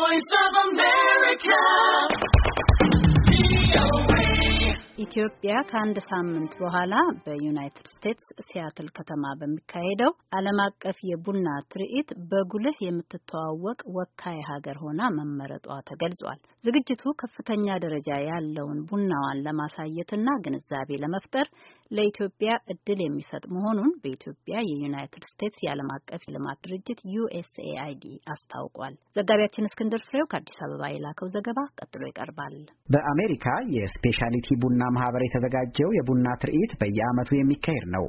voice of ኢትዮጵያ ከአንድ ሳምንት በኋላ በዩናይትድ ስቴትስ ሲያትል ከተማ በሚካሄደው ዓለም አቀፍ የቡና ትርኢት በጉልህ የምትተዋወቅ ወካይ ሀገር ሆና መመረጧ ተገልጿል። ዝግጅቱ ከፍተኛ ደረጃ ያለውን ቡናዋን ለማሳየትና ግንዛቤ ለመፍጠር ለኢትዮጵያ እድል የሚሰጥ መሆኑን በኢትዮጵያ የዩናይትድ ስቴትስ የዓለም አቀፍ ልማት ድርጅት ዩኤስኤአይዲ አስታውቋል። ዘጋቢያችን እስክንድር ፍሬው ከአዲስ አበባ የላከው ዘገባ ቀጥሎ ይቀርባል። በአሜሪካ የስፔሻሊቲ ቡና ማህበር የተዘጋጀው የቡና ትርኢት በየዓመቱ የሚካሄድ ነው።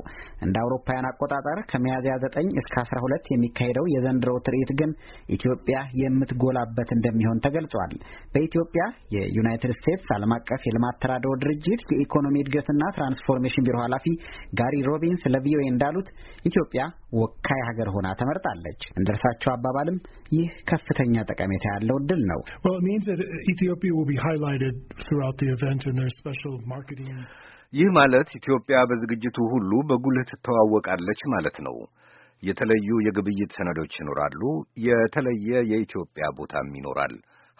እንደ አውሮፓውያን አቆጣጠር ከሚያዝያ 9 እስከ 12 የሚካሄደው የዘንድሮው ትርኢት ግን ኢትዮጵያ የምትጎላበት እንደሚሆን ተገልጿል። በኢትዮጵያ የዩናይትድ ስቴትስ ዓለም አቀፍ የልማት ተራድኦ ድርጅት የኢኮኖሚ እድገትና ትራንስፎርሜሽን ቢሮ ኃላፊ ጋሪ ሮቢንስ ለቪኦኤ እንዳሉት ኢትዮጵያ ወካይ ሀገር ሆና ተመርጣለች። እንደ እርሳቸው አባባልም ይህ ከፍተኛ ጠቀሜታ ያለው እድል ነው። ይህ ማለት ኢትዮጵያ በዝግጅቱ ሁሉ በጉልህ ትተዋወቃለች ማለት ነው። የተለዩ የግብይት ሰነዶች ይኖራሉ። የተለየ የኢትዮጵያ ቦታም ይኖራል።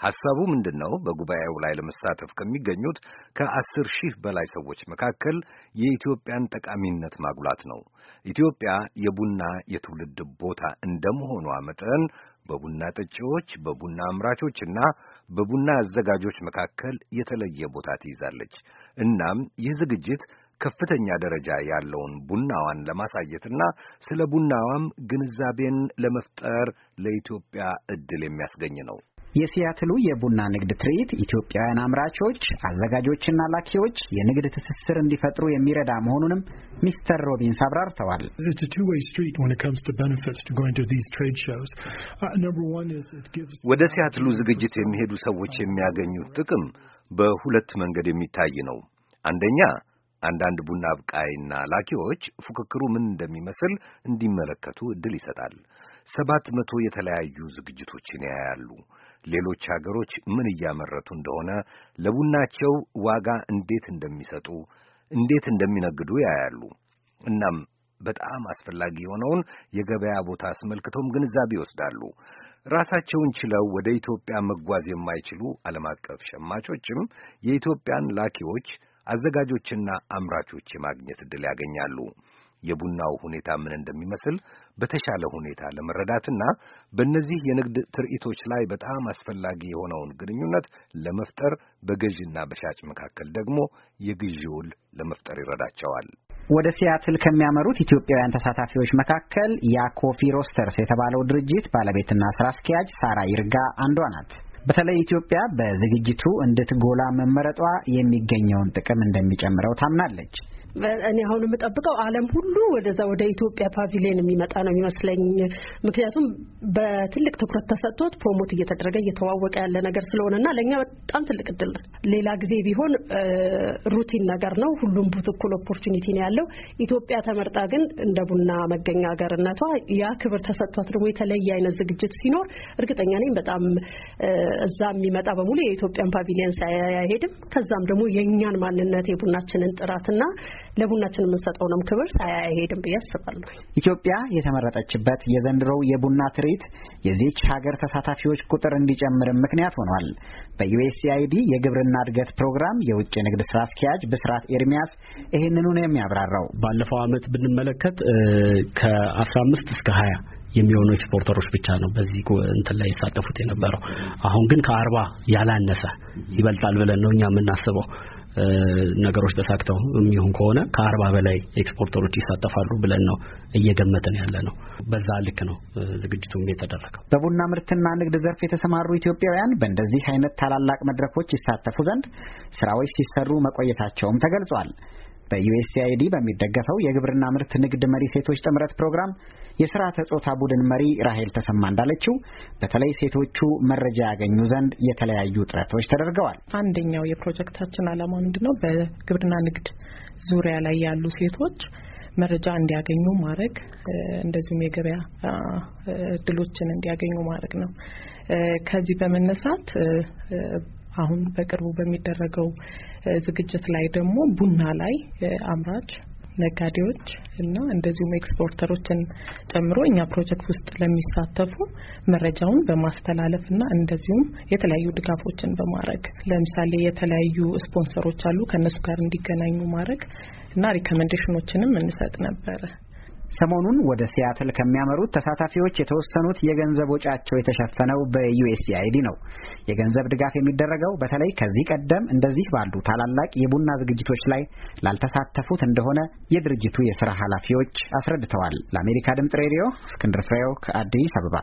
ሐሳቡ ምንድን ነው? በጉባኤው ላይ ለመሳተፍ ከሚገኙት ከአስር ሺህ በላይ ሰዎች መካከል የኢትዮጵያን ጠቃሚነት ማጉላት ነው። ኢትዮጵያ የቡና የትውልድ ቦታ እንደመሆኗ መጠን በቡና ጠጪዎች፣ በቡና አምራቾችና በቡና አዘጋጆች መካከል የተለየ ቦታ ትይዛለች። እናም ይህ ዝግጅት ከፍተኛ ደረጃ ያለውን ቡናዋን ለማሳየትና ስለ ቡናዋም ግንዛቤን ለመፍጠር ለኢትዮጵያ ዕድል የሚያስገኝ ነው። የሲያትሉ የቡና ንግድ ትርኢት ኢትዮጵያውያን አምራቾች፣ አዘጋጆችና ላኪዎች የንግድ ትስስር እንዲፈጥሩ የሚረዳ መሆኑንም ሚስተር ሮቢንስ አብራርተዋል። uh, ወደ ሲያትሉ ዝግጅት የሚሄዱ ሰዎች የሚያገኙት ጥቅም በሁለት መንገድ የሚታይ ነው። አንደኛ አንዳንድ ቡና አብቃይና ላኪዎች ፉክክሩ ምን እንደሚመስል እንዲመለከቱ እድል ይሰጣል። ሰባት መቶ የተለያዩ ዝግጅቶችን ያያሉ። ሌሎች ሀገሮች ምን እያመረቱ እንደሆነ፣ ለቡናቸው ዋጋ እንዴት እንደሚሰጡ፣ እንዴት እንደሚነግዱ ያያሉ። እናም በጣም አስፈላጊ የሆነውን የገበያ ቦታ አስመልክቶም ግንዛቤ ይወስዳሉ። ራሳቸውን ችለው ወደ ኢትዮጵያ መጓዝ የማይችሉ ዓለም አቀፍ ሸማቾችም የኢትዮጵያን ላኪዎች፣ አዘጋጆችና አምራቾች የማግኘት ዕድል ያገኛሉ። የቡናው ሁኔታ ምን እንደሚመስል በተሻለ ሁኔታ ለመረዳትና በእነዚህ የንግድ ትርኢቶች ላይ በጣም አስፈላጊ የሆነውን ግንኙነት ለመፍጠር በገዥና በሻጭ መካከል ደግሞ የግዢ ውል ለመፍጠር ይረዳቸዋል። ወደ ሲያትል ከሚያመሩት ኢትዮጵያውያን ተሳታፊዎች መካከል ያኮፊ ሮስተርስ የተባለው ድርጅት ባለቤትና ስራ አስኪያጅ ሳራ ይርጋ አንዷ ናት። በተለይ ኢትዮጵያ በዝግጅቱ እንድትጎላ መመረጧ የሚገኘውን ጥቅም እንደሚጨምረው ታምናለች። እኔ አሁን የምጠብቀው ዓለም ሁሉ ወደዛ ወደ ኢትዮጵያ ፓቪሊየን የሚመጣ ነው የሚመስለኝ። ምክንያቱም በትልቅ ትኩረት ተሰጥቶት ፕሮሞት እየተደረገ እየተዋወቀ ያለ ነገር ስለሆነ እና ለእኛ በጣም ትልቅ እድል ነው። ሌላ ጊዜ ቢሆን ሩቲን ነገር ነው። ሁሉም እኩል ኦፖርቹኒቲ ነው ያለው። ኢትዮጵያ ተመርጣ ግን እንደ ቡና መገኛ ሀገርነቷ ያ ክብር ተሰጥቷት ደግሞ የተለየ አይነት ዝግጅት ሲኖር እርግጠኛ ነኝ በጣም እዛ የሚመጣ በሙሉ የኢትዮጵያን ፓቪሊየን ሳያሄድም ከዛም ደግሞ የእኛን ማንነት የቡናችንን ጥራትና ለቡናችን የምንሰጠውንም ክብር ሳያሄድም ብዬ አስባለሁ። ኢትዮጵያ የተመረጠችበት የዘንድሮው የቡና ትርኢት የዚች ሀገር ተሳታፊዎች ቁጥር እንዲጨምርም ምክንያት ሆኗል። በዩኤስኤአይዲ የግብርና እድገት ፕሮግራም የውጭ ንግድ ስራ አስኪያጅ ብስራት ኤርሚያስ ይህንኑ ነው የሚያብራራው። ባለፈው ዓመት ብንመለከት ከአስራ አምስት እስከ ሀያ የሚሆኑ ኤክስፖርተሮች ብቻ ነው በዚህ እንትን ላይ የተሳተፉት የነበረው። አሁን ግን ከአርባ ያላነሰ ይበልጣል ብለን ነው እኛ የምናስበው። ነገሮች ተሳክተው የሚሆን ከሆነ ከአርባ በላይ ኤክስፖርተሮች ይሳተፋሉ ብለን ነው እየገመትን ያለ ነው። በዛ ልክ ነው ዝግጅቱም የተደረገው። በቡና ምርትና ንግድ ዘርፍ የተሰማሩ ኢትዮጵያውያን በእንደዚህ አይነት ታላላቅ መድረኮች ይሳተፉ ዘንድ ስራዎች ሲሰሩ መቆየታቸውም ተገልጿል። በዩኤስአይዲ በሚደገፈው የግብርና ምርት ንግድ መሪ ሴቶች ጥምረት ፕሮግራም የስርዓተ ጾታ ቡድን መሪ ራሄል ተሰማ እንዳለችው በተለይ ሴቶቹ መረጃ ያገኙ ዘንድ የተለያዩ ጥረቶች ተደርገዋል። አንደኛው የፕሮጀክታችን ዓላማ ምንድን ነው? በግብርና ንግድ ዙሪያ ላይ ያሉ ሴቶች መረጃ እንዲያገኙ ማድረግ እንደዚሁም የገበያ እድሎችን እንዲያገኙ ማድረግ ነው። ከዚህ በመነሳት አሁን በቅርቡ በሚደረገው ዝግጅት ላይ ደግሞ ቡና ላይ አምራች ነጋዴዎች እና እንደዚሁም ኤክስፖርተሮችን ጨምሮ እኛ ፕሮጀክት ውስጥ ለሚሳተፉ መረጃውን በማስተላለፍ እና እንደዚሁም የተለያዩ ድጋፎችን በማድረግ ለምሳሌ የተለያዩ ስፖንሰሮች አሉ፣ ከእነሱ ጋር እንዲገናኙ ማድረግ እና ሪኮሜንዴሽኖችንም እንሰጥ ነበረ። ሰሞኑን ወደ ሲያትል ከሚያመሩት ተሳታፊዎች የተወሰኑት የገንዘብ ወጫቸው የተሸፈነው በዩኤስኤአይዲ ነው። የገንዘብ ድጋፍ የሚደረገው በተለይ ከዚህ ቀደም እንደዚህ ባሉ ታላላቅ የቡና ዝግጅቶች ላይ ላልተሳተፉት እንደሆነ የድርጅቱ የስራ ኃላፊዎች አስረድተዋል። ለአሜሪካ ድምጽ ሬዲዮ እስክንድር ፍሬው ከአዲስ አበባ